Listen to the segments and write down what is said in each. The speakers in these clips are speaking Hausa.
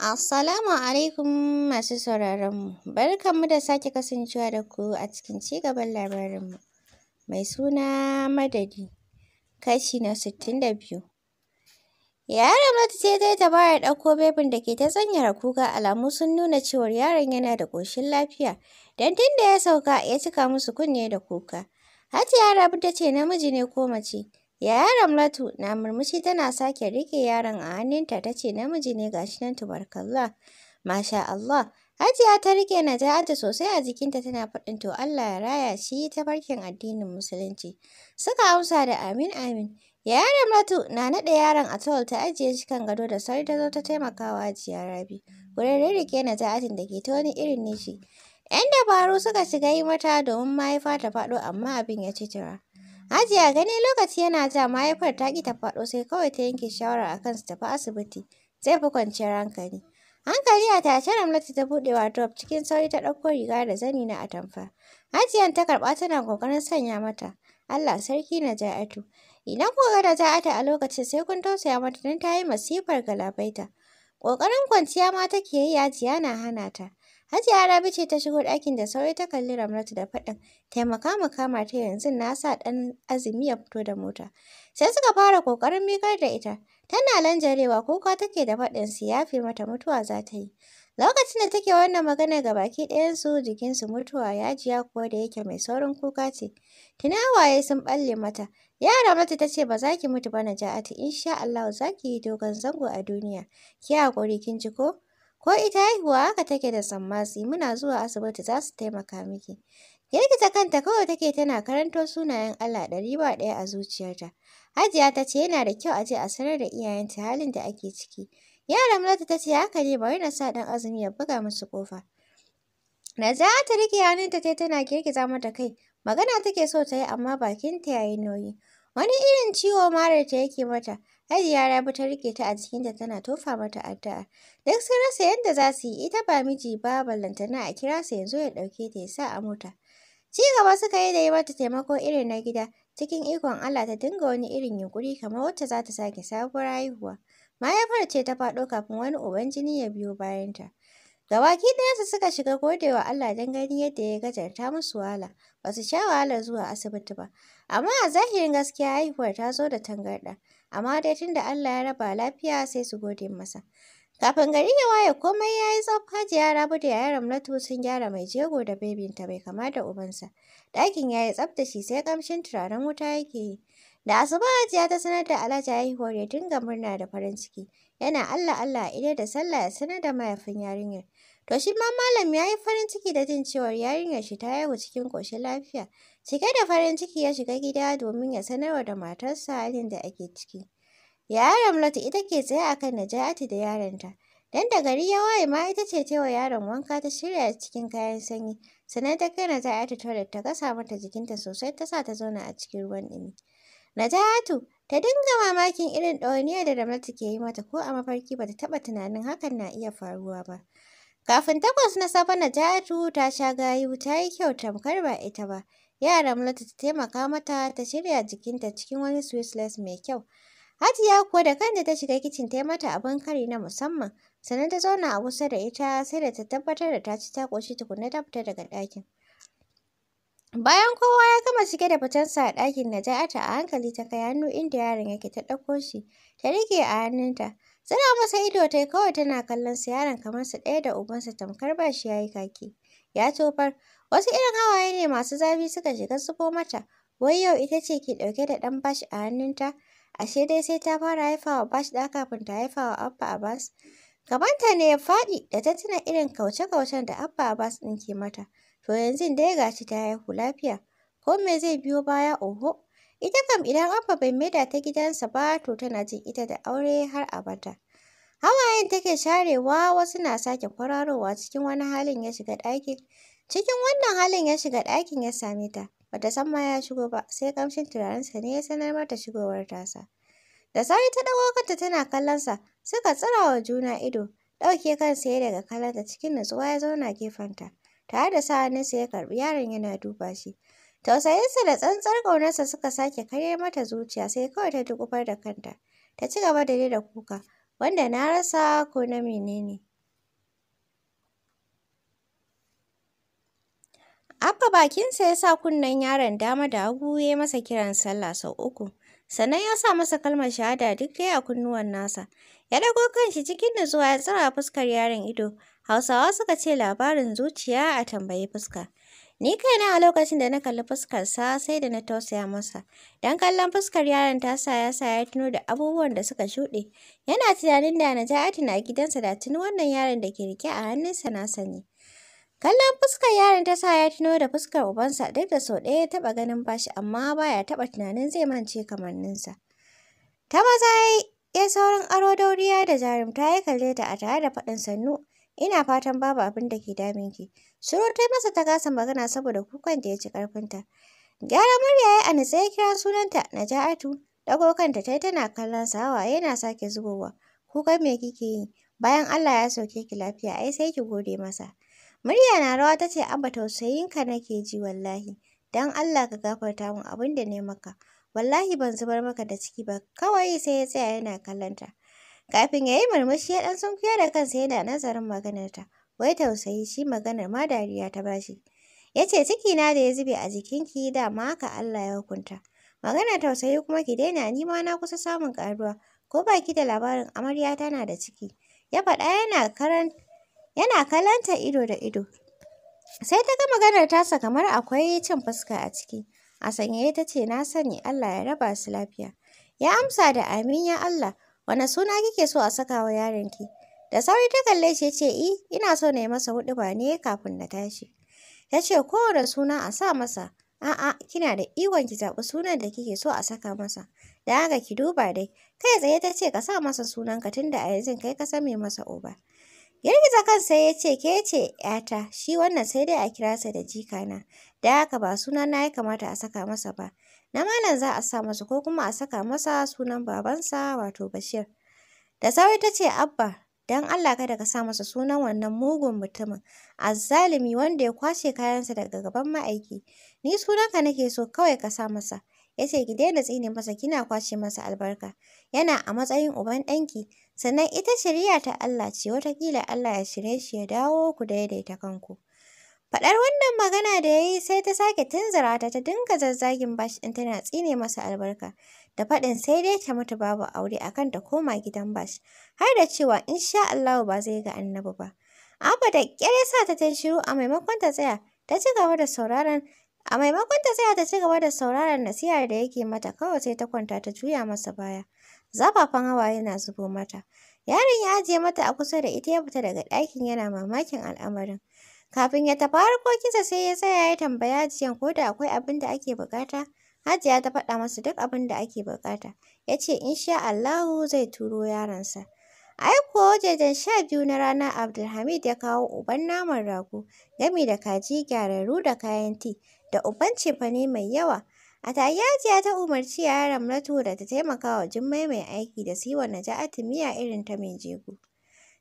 Assalamu alaikum masu sauraronmu. Barkanmu da sake kasancewa da ku a cikin cigaban labarinmu. Mai suna madadi, kashi na sittin da biyu. Yaron mata ce ta yi tabarar ɗauko bebin da ke ta tsanyar kuka alamu sun nuna cewar yaron yana da ƙoshin lafiya. Don tun da ya sauka ya cika musu kunne da kuka. Hatiya yara ta ce namiji ne ko mace. yaron latu na murmushi tana sake rike yaron a hannunta ta ce namiji ne gashi nan tubarkalla. Masha Allah. Hajiya ta rike na Naja'atu sosai a jikinta tana faɗin to Allah ya raya shi ta barkin addinin Musulunci. Suka amsa da amin amin. yaron latu na naɗa yaron a tawal ta ajiye shi kan gado da sauri ta zo ta taimaka wa Hajiya Rabi. Wurin na Naja'atin da ke ta wani irin nishi. ‘Yan dabaru suka shiga yi mata domin mahaifa ta faɗo amma abin ya ci tura. Hajiya gani lokaci yana ja mahaifar ta ƙi ta faɗo sai kawai ta yanke shawara a kan su tafi asibiti. Zai fi kwanciyar hankali. Hankali a tashe Ramlatu ta buɗe wardrobe cikin sauri ta ɗauko riga da zani na atamfa. Hajiyan ta karɓa tana ƙoƙarin sanya mata. Allah sarki na ja'atu. Idan kuka ga ja'ata a lokacin sai kun tausaya mata don ta yi masifar galabaita. Ƙoƙarin kwanciya ma take yi Hajiya na hana ta. Hajiya Rabi ce ta shigo ɗakin da sauri ta kalli Ramlatu da faɗin taimaka mu kama ta yanzu na sa ɗan azumi ya fito da mota. Sai suka fara ƙoƙarin mikar da ita. Tana lanjarewa kuka take da faɗin su fi mata mutuwa za ta yi. Lokacin da take wannan magana ga baki ɗayansu jikinsu mutuwa yajiya kuwa da yake mai saurin kuka ce. Tuna waye sun ɓalle mata. Yara mata ta ce ba za ki mutu ba Naja'atu insha Allah za ki yi dogon zango a duniya. Ki haƙuri kin ji ko? Ko ita haihuwa haka take da sammasi muna zuwa asibiti za su taimaka miki. Girgiza kanta kawai take tana karanto sunayen Allah ɗari ba ɗaya a zuciyarta. Hajiya ta ce yana da kyau a je a sanar da iyayenta halin da ake ciki. Yaran mulata ta ce haka ne bari na sa ɗan azumi ya buga musu ƙofa. za ta rike hannunta ta tana girgiza mata kai. Magana take so ta yi amma bakinta ya yi nauyi. Wani irin ciwo marar ta yake mata. Hajiya Rabi ta rike ta a cikin jikinta tana tofa mata addu'a. Duk sun rasa yadda za su yi, ita ba miji ba ballantana a kira sa yanzu ya ɗauke ta ya sa a mota. Ci gaba suka yi da yi mata taimako irin na gida, cikin ikon Allah ta dinga wani irin yunƙuri kamar wacce za ta sake sabuwar haihuwa. Mahaifar ce ta faɗo kafin wani uban jini ya biyo bayanta. Gabaki ɗayansu suka shiga godewa Allah don ganin yadda ya gajarta musu wahala, ba su sha wahalar zuwa asibiti ba. Amma a zahirin gaskiya haihuwar ta zo da tangarɗa. amma dai tunda Allah ya raba lafiya sai su gode masa. Kafin gari ya waye komai ya yi tsaf Hajiya Rabu da yayan Ramlatu sun gyara mai jego da bebinta bai kama da ubansa. Ɗakin ya yi tsaf sai kamshin turaren wuta yake yi. Da asuba Hajiya ta sanar da Alhaji haihuwar ya dinga murna da farin ciki. Yana Allah Allah idan da sallah ya sanar da mahaifin yarinyar. To shi ma malam ya yi farin ciki da jin cewar yarinyar shi ta haihu cikin ƙoshin lafiya. Cike da farin ciki ya shiga gida domin ya sanarwa da matarsa halin da ake ciki. Yaron lot ita ke tsaye a kan Najati da ta, Dan da gari ya waye ma ita ce ta wa yaron wanka ta shirya cikin kayan sanyi. Sannan ta kai Najatu toilet ta gasa mata jikinta sosai ta sa ta zauna a cikin ruwan ɗumi. Najatu ta dinga mamakin irin ɗawainiyar da Ramlatu ke yi mata ko a mafarki bata taɓa tunanin hakan na iya faruwa ba. Kafin takwas na safe Najatu ta sha gayu ta yi kyau tamkar ba ita ba. Yara Mulatu ta taimaka mata ta shirya jikinta cikin wani swissless mai kyau. Hajiya kuwa da kanta ta shiga kicin ta yi mata abin kari na musamman. Sannan ta zauna a kusa da ita sai da ta tabbatar da ta ci ta ƙoshi tukunna ta fita daga ɗakin. Bayan kowa ya gama shige da fitansa a ɗakin Naja'atu a hankali ta kai hannu inda yaron yake ta ɗauko shi ta riƙe a hannunta. Zira masa ido tai kawai tana kallon su yaron kamar su ɗaya da ubansa tamkar ba shi ya yi kaki. Ya tofar, wasu irin hawaye ne masu zafi suka shiga suko mata. Wai yau ita ce ke ɗauke da ɗan bashi a hannunta? Ashe dai sai ta fara haifawa bashi ɗa kafin ta haifawa Abba Abbas. Gabanta ne ya faɗi da ta tuna irin kauce-kaucen da Abba Abbas ɗin ke mata. To yanzu dai gashi ta haihu lafiya. Ko me zai biyo baya oho? Ita kam idan Abba bai maida ta gidansa ba to tana jin ita da aure har abada. Hawayen take sharewa wasu na sake kwararowa cikin wani halin ya shiga ɗakin. Cikin wannan halin ya shiga ɗakin ya same ta. Bata san ma ya shigo ba sai kamshin turarensa ne ya sanar mata shigowar tasa. Da sauri ta ɗago kanta tana kallonsa suka tsira wa juna ido. Ɗauke kansa ya daga kalanta cikin nutsuwa ya zauna gefenta. Tare da sa hannunsa ya karɓi yaron yana duba shi. Tausayinsa da tsantsar ƙaunarsa suka sake karya mata zuciya sai kawai ta dukufar da kanta. Ta ci gaba da da kuka, wanda na rasa ko na menene. Abba bakinsa ya sa kunnen yaron dama da hagu ya masa kiran sallah sau uku. Sannan ya sa masa kalmar shahada duk dai a kunnuwan nasa. Ya dago shi cikin nutsuwa ya tsara fuskar yaron ido. Hausawa suka ce labarin zuciya a tambayi fuska. Ni kaina a lokacin da na kalli fuskarsa sai da na tausaya masa. Dan kallon fuskar yaron sa ya sa ya tuno da abubuwan da suka shuɗe. Yana tunanin da na ja'atu na gidansa da tuni wannan yaron da ke rike a hannunsa na sanyi Kallon fuskar yaron ta sa ya tuno da fuskar ubansa duk da sau ɗaya ya taɓa ganin bashi amma baya taɓa tunanin zai mance kamanninsa. Ta maza ya saurin aro dauriya da jarumta ya kalle ta a tare da faɗin sannu. Ina fatan babu abin da ke damun ki. Shiru ta masa ta kasa magana saboda kukan da ya ci ƙarfinta. Gyara murya ya a nutse ya kira sunanta Naja'atu. Dago kanta tai tana kallon sa hawa yana sake zubowa. Kukan me kike yi? Bayan Allah ya sauke ki lafiya ai sai ki gode masa. Murya na rawa ta ce Abba tausayinka nake ji wallahi. Dan Allah ka gafarta min abin da ne maka. Wallahi ban zubar maka da ciki ba kawai sai ya tsaya yana kallonta. Kafin ya yi murmushi ya ɗan sunkuya da kansa yana nazarin maganarta. Wai tausayi shi maganar ma dariya ta bashi. Ya ce cikina da ya zube a jikinki ma haka Allah ya hukunta. Maganar tausayi kuma ki daina ni ma na kusa samun ƙaruwa. Ko ba ki da labarin amarya tana da ciki. Ya faɗa yana karan yana kalanta ido da ido. Sai ta ga maganar tasa kamar akwai cin fuska a ciki. A sanye ta ce na sani Allah ya raba su lafiya. Ya amsa da amin ya Allah. Wane suna kike so a saka wa yaronki? Da sauri ta kalle shi ce, I, eh, ina so na yi masa ba ne kafin na tashi. Ya ce, kowane suna a sa masa. A'a, kina da iwon ki zaɓi sunan da kike so a saka masa. Da haka ki duba dai. Kai tsaye ta ce ka sa masa sunanka tunda a yanzu kai ka san masa uba. Girgiza sai ya ce, ke ce ‘yata, shi wannan sai dai a kira sa da jikana, da haka ba suna na ya kamata a saka masa ba, na malam za a sa masa ko kuma a saka masa sunan babansa wato Bashir. Da sauri ta ce Abba dan Allah kada ka sa masa sunan wannan mugun mutumin azzalimi wanda ya kwashe kayansa daga gaban ma'aiki ni sunanka nake so kawai ka sa masa ya ce ki daina tsine masa kina kwashe masa albarka yana a matsayin uban ɗanki sannan ita shari'a ta Allah ce watakila Allah ya shirye shi ya dawo ku daidaita kanku Faɗar wannan magana da ya yi sai ta sake tunzura ta ta dinga zazzagin bashi ɗin tana tsine masa albarka. Da faɗin sai dai ta mutu babu aure a kan ta koma gidan bashi. Har da cewa in sha Allahu ba zai ga annabi ba. Abba da ƙyar ya sa ta ta shiru a maimakon ta tsaya ta ci gaba da sauraron a maimakon ta tsaya ta ci gaba da sauraron nasihar da yake mata kawai sai ta kwanta ta juya masa baya. Zafafan hawa yana zubo mata. Yaron ya ajiye mata a kusa da ita ya fita daga ɗakin yana mamakin al'amarin. Kafin ya tafi harkokinsa sai ya tsaya ya tambaya Hajiyan ko da akwai abin da ake bukata Hajiya ta faɗa masa duk abin da ake bukata Ya ce in sha Allahu zai turo yaransa. Aiko wajejen sha biyu na rana Abdulhamid ya kawo uban naman rago gami da kaji gyararru da kayan ti da uban cefane mai yawa. A ya ta umarci yaran Ramlatu da ta taimaka wa Jummai mai aiki da siwa Naja'atu miya irin ta mai jego.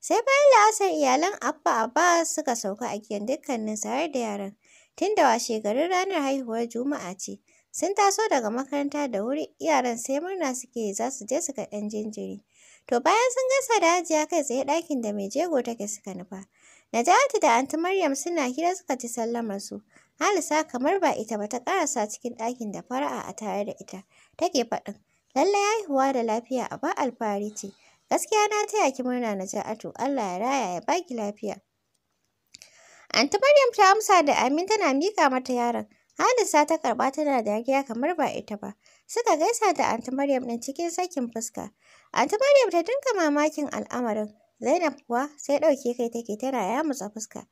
Sai bayan la'asar iyalan Abba Abbas suka sauka a gidan dukkanin har da yaran. Tun da washe garin ranar haihuwar Juma'a ce, sun taso daga makaranta da wuri yaran sai murna suke za su je su ga ɗan jinjiri. To bayan sun gasa da Hajiya kai tsaye ɗakin da mai jego take suka nufa. Najatu da Anti Maryam suna hira suka ci sallamar su. Halisa kamar ba ita ba ta karasa cikin ɗakin da fara'a a tare da ita. Take faɗin, lallai haihuwa da lafiya a ba alfahari ce. Gaskiya na taya ki murna na ja'atu, Allah ya raya ya baki lafiya. Anti Maryam ta amsa da amin tana mika mata yaron. Halisa ta karba tana da dariya kamar ba ita ba. Suka gaisa da Anti Maryam ɗin cikin sakin fuska. Anti Maryam ta dinka mamakin al'amarin. Zainab kuwa sai ɗauke kai take tana yamutsa fuska.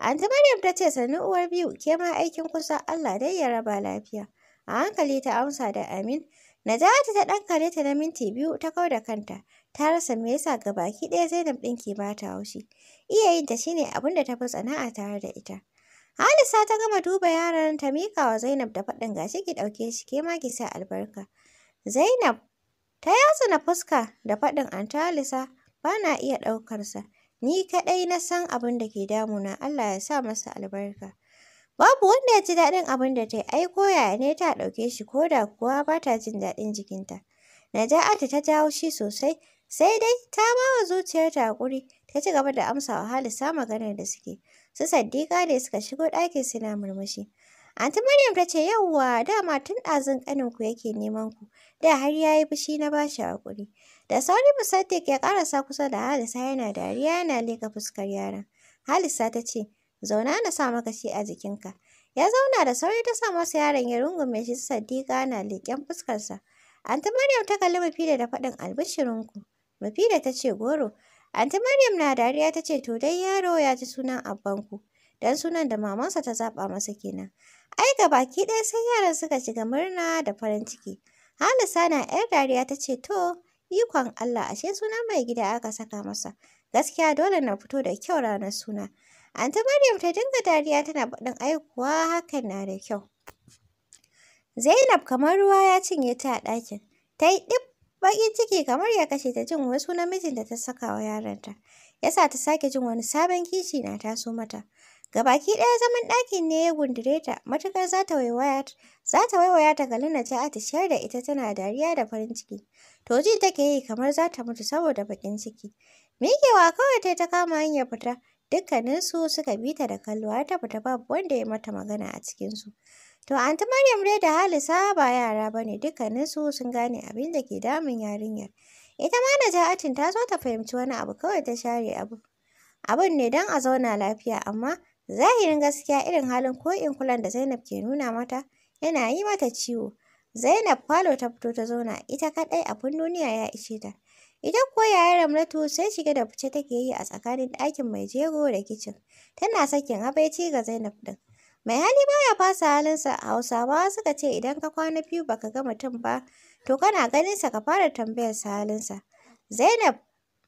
Anti Maryam ta ce sannu uwar biyu ke ma aikin kusa Allah dai ya raba lafiya. A hankali ta amsa da amin. Najatu ta ɗan kare ta na minti biyu ta kau da kanta. ta rasa me yasa baki ɗaya Zainab ɗin ke bata haushi. Iyayenta shine abin da ta fi sana'a tare da ita. Halisa ta gama duba yaran ta mika wa Zainab da faɗin gashi ki ɗauke shi ke ma ki sa albarka. Zainab ta yatsa na fuska da faɗin anta Halisa ba na iya ɗaukarsa. Ni kaɗai na san abin da ke damuna Allah ya sa masa albarka. Babu wanda ya ji daɗin abin da ta yi, ai ko yaya ne ta ɗauke shi ko da kuwa ba ta jin daɗin jikinta. Naja'atu ta jawo shi sosai, Sai dai ta ba wa zuciyarta haƙuri, ta ci gaba da amsa wa Halisa maganar da suke. Su Saddiƙa ne suka shigo ɗakin suna murmushi. Anti Maryam ta ce yawwa dama tun ɗazun ƙaninku yake neman ku, da har ya yi fushi na ba shi haƙuri. Da sauri Musaddiq ya ƙara sa kusa da Halisa yana dariya yana leƙa fuskar yara. Halisa ta ce, zauna na sa maka shi a jikinka. Ya zauna da sauri ta sa masa yaron ya rungume shi su Saddiƙa na leƙen fuskarsa. Anti Maryam ta kalli Mafida da faɗin albishirinku. Mafida ta ce goro. Anti Maryam na dariya ta ce to dai yaro ya ji sunan abbanku. Dan sunan da mamansa ta zaɓa masa kenan. Ai ga baki ɗaya sai yaran suka shiga murna da farin ciki. Halisa na ‘yar dariya ta ce to ikon Allah ashe sunan mai gida aka saka masa. Gaskiya dole na fito da kyau ranar suna. anti Maryam ta dinga dariya tana faɗin aikuwa hakan na da kyau. Zainab kamar ruwa ya cinye ta a ɗakin. Ta yi ɗib Baƙin ciki kamar ya kashe ta jin wasu namijin da ta saka wa yaronta. Ya sa ta sake jin wani sabon kishi na taso mata. Gabaki ɗaya zaman ɗakin ne ya gundure ta, matuƙar za ta waiwaya ta waiwaya ta ga ta da ita tana dariya da farin ciki. To ji take yi kamar za ta mutu saboda baƙin ciki. mikewa kawai ta ta kama hanyar fita, dukkaninsu suka bi ta da kallo har ta fita babu wanda ya mata magana a cikinsu. To anti Maryam dai da Halisa ba yara ba ne dukkaninsu sun gane abin da ke damun yarinyar. Ita ma Naja'atin ta zo ta fahimci wani abu kawai ta share abu. Abun ne don a zauna lafiya amma zahirin gaskiya irin halin ko in kulan da Zainab ke nuna mata yana yi mata ciwo. Zainab falo ta fito ta zauna ita kaɗai abin duniya ya ishe ta. Ita kuwa yayar Ramlatu sai shige da fice take yi a tsakanin ɗakin mai jego da kicin. Tana sakin abaici ga Zainab ɗin. Mai hali baya fasa halinsa, Hausawa suka ce idan ka kwana biyu baka ga mutum ba, to kana ganinsa ka fara tambayar sa halinsa. Zainab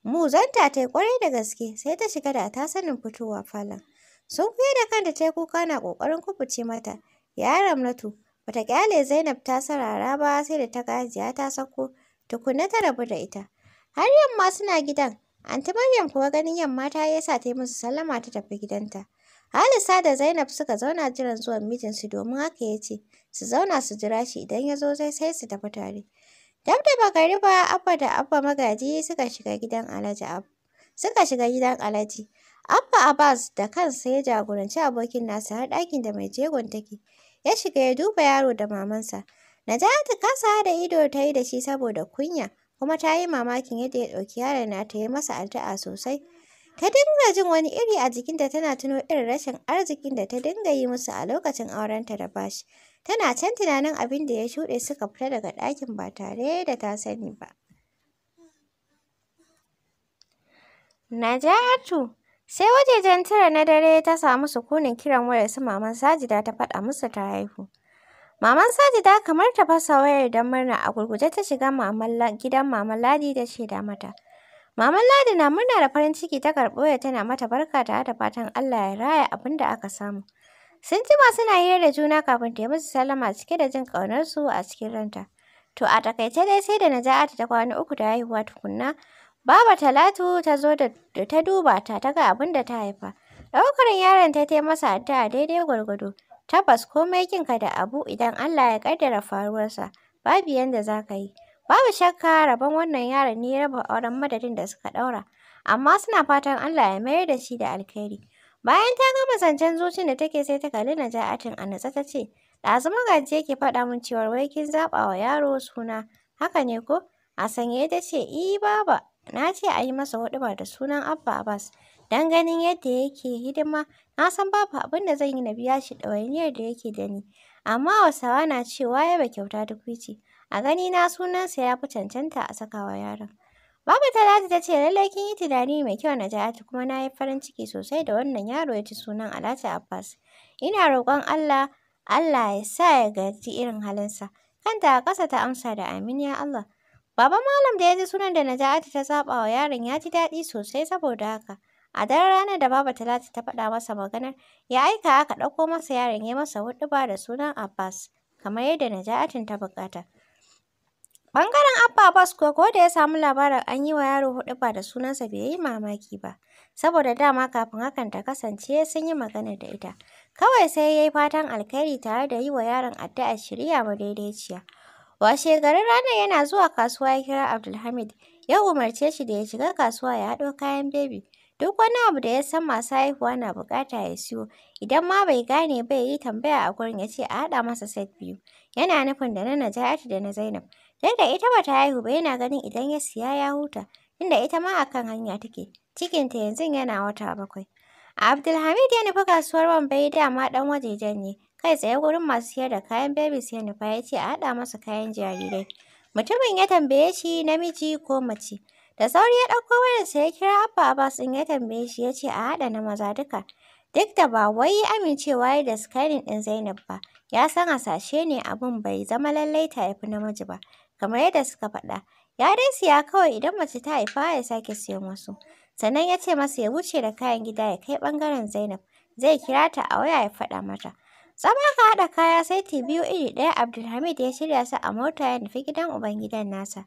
muzanta ta yi kwarai da gaske sai ta shiga da ta sanin fitowa falon. Sun fiye da kanta ta yi kuka na ƙoƙarin kubuce mata. Ya Ramlatu, bata ƙyale Zainab ta sarara ba sai da ta gajiya ta sako, tukunna ta rabu da ita. Har yamma suna gidan, Anti Maryam kuwa ganin yamma ta yi sa ta yi musu sallama ta tafi gidanta. Halisa da Zainab suka zauna jiran zuwan mijinsu domin haka ya ce su zauna su jira shi idan ya zo zai sai su tafi tare. Dab da ba Abba da Abba magaji suka shiga gidan Alhaji Abba. Suka shiga gidan Alhaji. Abba Abbas da kansa ya jagoranci abokin nasa har ɗakin da mai jegon take. Ya shiga ya duba yaro da mamansa. Najatu kasa da ido ta yi da shi saboda kunya. kuma ta yi mamakin yadda ya ɗauki yaron ta yi masa addu'a sosai. Ta dinga jin wani iri a jikinta tana tuno irin rashin arzikin da ta dinga yi musu a lokacin aurenta da bashi. Tana can tunanin abin da ya shuɗe suka fita daga ɗakin ba tare da ta sani ba. Najatu sai wajejen tara na dare ta samu sukunin kiran wayar su maman Sajida ta faɗa musu ta haihu. Maman ta kamar ta fasa wayar don murna a gurguje ta shiga gidan Maman Ladi da shaida mata. Maman Ladi na murna da farin ciki ta karɓo ya tana mata barka tare da fatan Allah ya raya abin da aka samu. Sun jima suna hira da juna kafin ta yi musu sallama cike da jin ƙaunarsu a cikin ranta. To a takaice dai sai da Naja'atu ta kwana uku da haihuwa tukunna, Baba Talatu ta zo da ta duba ta ta ga abin da ta haifa. Ɗaukar yaron ta yi masa addu'a daidai gwargwado. Tabbas komai kinka da abu idan Allah ya kaddara faruwarsa, babu yanda za ka yi. Babu shakka rabon wannan yaron ne ya raba auren madadin da suka ɗaura, amma suna fatan Allah ya mayar da shi da alkhairi. Bayan ta gama zancen zuciyar da take sai ta kalli Naja'atin a natsa ta ce, ɗazu magaji yake faɗa min cewar wai kin zaɓa wa yaro suna, haka ne ko? A sanye ta ce, i eh, baba, na ce a yi masa huɗuba da sunan Abba Abbas. don ganin yadda yake hidima. Na san babu abin da zan yi na biya shi ɗawainiyar da yake da ni. Amma Hausawa na cewa ya yaba kyauta wici A gani ganina sunansa ya fi cancanta a sakawa yaron. Babu Talatu ta ce lallai kin yi tunani mai kyau na Ja'atu kuma na yi farin ciki sosai da wannan yaro ya ci sunan Alhaji Abbas. Ina roƙon Allah Allah ya sa ya gaji irin halinsa. Kanta a ƙasa ta amsa da amin ya Allah. Baba Malam da ya ji sunan da Naja'atu ta zaɓa wa yaron ya ji daɗi sosai saboda haka. A daren ranar da Baba Talatu ta faɗa masa maganar, ya aika aka ɗauko masa yaron ya masa ba da sunan Abbas, kamar yadda Naja'atin ta buƙata. Ɓangaren Abba Abbas kuwa ko da ya samu labarin an yi wa yaro ba da sunansa bai yi mamaki ba, saboda dama kafin hakan ta kasance sun yi magana da ita. Kawai sai ya yi fatan alkhairi tare da yi wa yaron addu'a shirya madaidaiciya. Washe garin ranar yana zuwa kasuwa ya kira Abdulhamid, ya umarce shi da ya shiga kasuwa ya haɗo kayan bebi. Duk wani abu da ya san masu haihuwa na buƙata ya siyo, idan ma bai gane ba ya yi tambaya a gurin ya ce a haɗa masa set biyu, yana nufin da na Naja'atu da na Zainab. Duk da ita ba ta haihu ba yana ganin idan ya siya ya huta, inda ita ma a kan hanya take, cikinta yanzu yana wata bakwai. A Abdulhamid ya nufi kasuwar Wambai dama ɗan wajejen ne, kai tsaye gurin masu siyar da kayan babies ya nufa ya ce a haɗa masa kayan jarirai. Mutumin ya tambaye shi namiji ko mace. Da sauri ya ɗauko wayarsa ya kira Abba Abbas ɗin ya tambaye shi ya ce a haɗa na maza duka. Duk da ba wai yi amincewa ya da sikanin ɗin Zainab ba, ya san hasashe ne abin bai zama lallai ta haifi namiji ba, kamar yadda suka faɗa. Ya dai siya kawai idan mace ta haifa ya sake siyo wasu. Sannan ya ce masa ya wuce da kayan gida ya kai ɓangaren Zainab, zai kira ta a waya ya faɗa mata. Tsama ka haɗa kaya sai biyu iri ɗaya Abdulhamid ya shirya su a mota ya nufi gidan ubangidan nasa.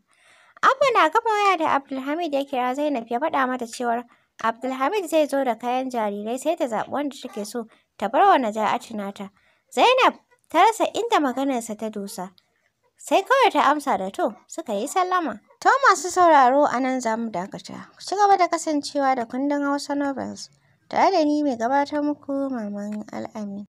Abba na gama waya da Abdulhamid ya kira Zainab ya faɗa mata cewa Abdulhamid zai zo da kayan jarirai sai ta zaɓi wanda take so ta bar wa Naja'atu nata. Zainab ta rasa inda maganarsa ta dosa. Sai kawai ta amsa da to suka yi sallama. To masu sauraro a nan za mu dakata. Ku ci gaba da kasancewa da kundin Hausa Novels tare da ni mai gabatar muku Maman Al'amin.